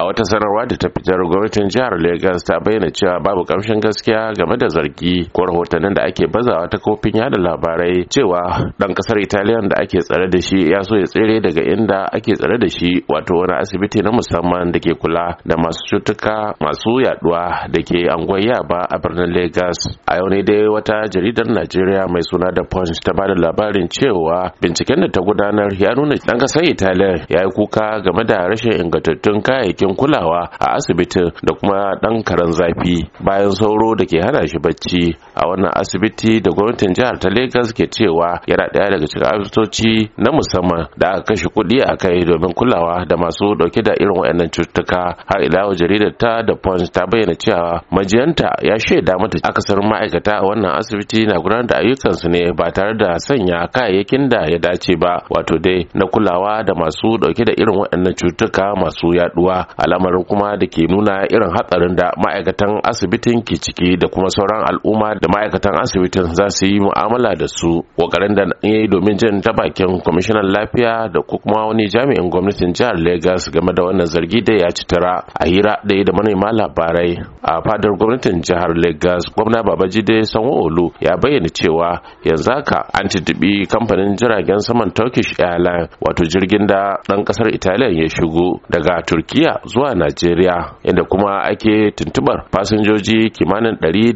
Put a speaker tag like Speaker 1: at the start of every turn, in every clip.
Speaker 1: a wata sanarwa da ta fitar gwamnatin jihar Legas ta bayyana cewa babu kamshin gaskiya game da zargi ko rahotannin da ake bazawa ta kofin yada labarai cewa dan kasar Italiyan da ake tsare da shi ya so ya tsere daga inda ake tsare da shi wato wani asibiti na musamman da ke kula da masu cutuka masu yaduwa da ke anguwar Yaba a birnin Legas. A yau ne dai wata jaridar Najeriya mai suna da Punch ta bada labarin cewa binciken da ta gudanar ya nuna dan kasar Italiya ya yi kuka game da rashin ingantattun kayayyakin cikakken kulawa a asibitin da kuma ɗan karen zafi bayan sauro da ke hana shi bacci a wannan asibiti da gwamnatin jihar ta Legas ke cewa yana ɗaya daga cikin asibitoci na musamman da aka kashe kuɗi a kai domin kulawa da masu ɗauke da irin waɗannan cututtuka har ila yau jaridar ta da Punch ta bayyana cewa majiyanta ya shaida mata akasarin ma'aikata a wannan asibiti na gudanar da ayyukansu ne ba tare da sanya kayayyakin da ya dace ba wato dai na kulawa da masu ɗauke da irin waɗannan cututtuka masu yaɗuwa al'amarin kuma da ke nuna irin hatsarin da ma'aikatan asibitin ke ciki da kuma sauran al'umma da ma'aikatan asibitin za su yi mu'amala da su kokarin da ya yi domin jin ta bakin kwamishinan lafiya da kuma wani jami'in gwamnatin jihar Legas game da wannan zargi da ya ci tara a hira da da manema labarai a fadar gwamnatin jihar Legas, gwamna babajide sanwo-olu ya bayyana cewa yanzu haka an tuntuɓi kamfanin jiragen saman turkish airlines wato jirgin da ɗan ƙasar italiya ya shigo daga turkiya zuwa Najeriya inda kuma ake tuntubar fasinjoji kimanin 120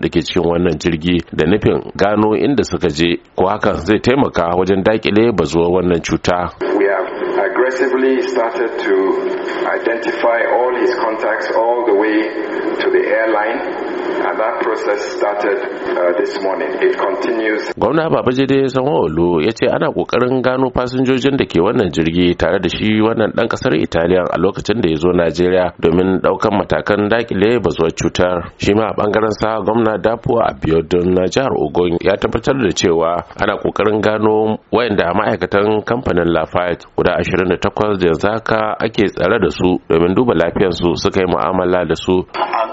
Speaker 1: da ke cikin wannan jirgi da nufin gano inda suka je ko hakan zai taimaka wajen dakile bazuwar wannan cuta.
Speaker 2: We have started to identify all his contacts all the way to the airline and that process started uh, this morning. It continues.
Speaker 1: Gwamna baba jide olu ya ce ana kokarin gano fasinjojin da ke wannan jirgi tare da shi wannan dan kasar Italiya a lokacin da ya zo Najeriya domin daukan matakan dakile bazuwar cutar. Shi ma a bangaren sa gwamna Dapo Abiodun na jihar Ogun ya tabbatar da cewa ana kokarin gano wayanda ma'aikatan kamfanin Lafayette guda 28 da yanzu haka ake tsare da su domin duba lafiyarsu suka yi mu'amala da su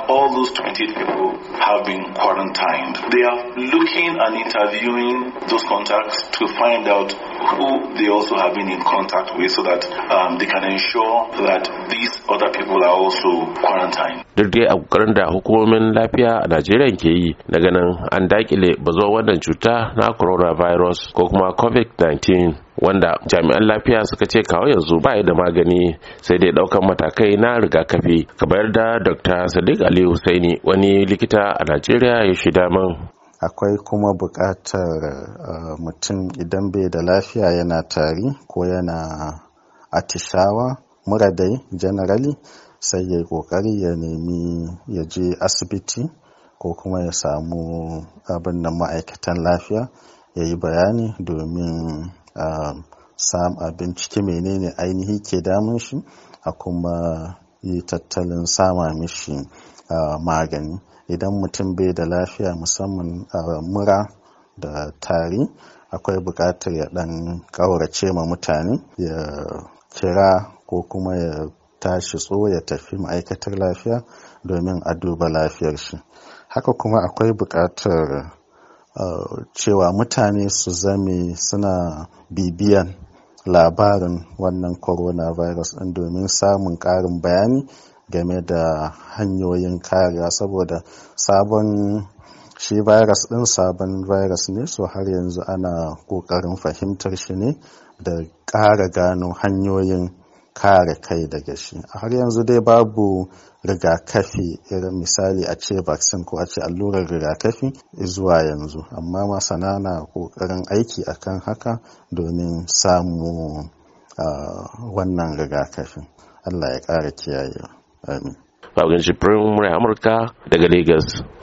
Speaker 1: all those 28 people have been quarantined. They are looking and interviewing those contacts to find out who they also have been in contact with so that um, they can ensure that these other people are also quarantined. Duk dai a kokarin da hukumomin lafiya a Najeriya ke yi na ganin an dakile bazo wannan cuta na coronavirus ko kuma COVID-19 wanda jami'an lafiya suka ce kawo yanzu ba da magani sai dai daukan matakai na rigakafi kamar da Dr. Sadiq Ali Husaini wani likita a Najeriya ya shida min.
Speaker 2: akwai kuma buƙatar uh, mutum idan bai da lafiya yana tari ko yana atishawa muradai janarali, generally sai ya yi ƙoƙari ya nemi ya je asibiti ko kuma ya samu abin da ma'aikatan lafiya ya yi bayani domin uh, sam abin ciki menene ainihi ke damun shi a kuma yi tattalin sama mishi magani idan mutum bai da lafiya musamman a mura da tari akwai buƙatar ya ɗan ƙaurace ma mutane ya kira ko kuma ya tashi tso ya tafi ma'aikatar lafiya domin a duba lafiyar shi haka kuma akwai buƙatar cewa mutane su zame suna bibiyan labarin wannan corona virus ɗin domin samun ƙarin bayani game da hanyoyin kariya saboda sabon shi virus ɗin sabon virus ne so har yanzu ana ƙoƙarin fahimtar shi ne da ƙara gano hanyoyin kare kai daga shi har yanzu dai babu rigakafi irin misali a ce vaccine ko a ce allurar rigakafi zuwa yanzu amma masana na kokarin aiki akan haka domin samu wannan rigakafin allah ya ƙara kiyaye amin
Speaker 1: babban shi firin amurka daga lagos